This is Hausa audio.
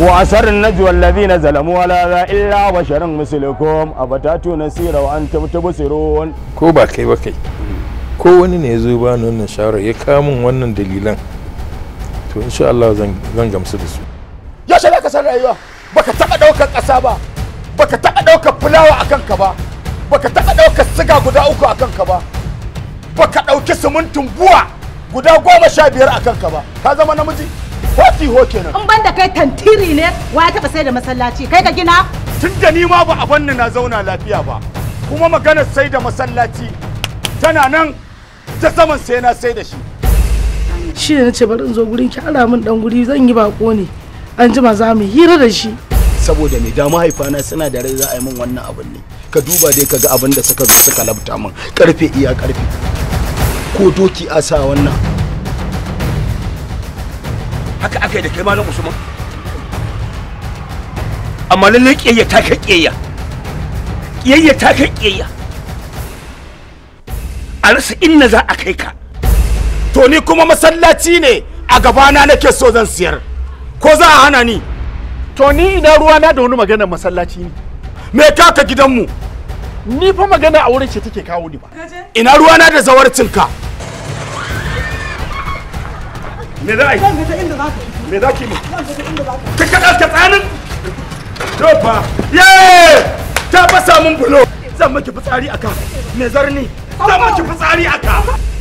وأسر النجوى الذين ظلموا ولا ذا إلا بشر مثلكم أفتاتوا نسيرا وأنتم تبصرون ko ba kai ba kai ko wani ne ya zo ba wannan shawarar ya kamun wannan dalilan to insha Allah zan gamsu da su ya shi ka san rayuwa baka taba daukar kasa ba baka taba daukar fulawa a ka ba baka taba daukar siga guda uku a ka ba baka dauki sumuntun buwa guda goma sha biyar a kanka ba ka zama namiji hoti ho kenan in ban da kai tantiri ne wa ya taba sai da masallaci kai ka gina tun da ni ma ba a banni na zauna lafiya ba kuma maganar sai da masallaci tana nan ta saman sai na sai da shi shi ne nace bari in zo gurin ki ara min dan guri zan yi bako ne an jima za mu hira da shi saboda me da mahaifana suna da rai za a yi min wannan abin ne ka duba dai ka ga abin da suka zo suka labta min karfe iya karfe ko doki a sa wannan haka aka yi da kai malam usman amma lallai ƙiyayya ta kai ƙiyayya ƙiyayya ta kai ƙiyayya a rasa inna za a kai ka to ni kuma masallaci ne a gabana nake so zan siyar ko za a hana ni to ni ina ruwa na da wani maganar masallaci ne me kaka gidanmu ni fa magana a wurin ce take kawo ni ba ina ruwa na da zawarcinka me za a yi zan fita inda za ka me za ki zan fita inda za ka kada ka tsanin dofa ye ta fasa mun bulo zan miki fitsari aka me zarni zan miki fitsari aka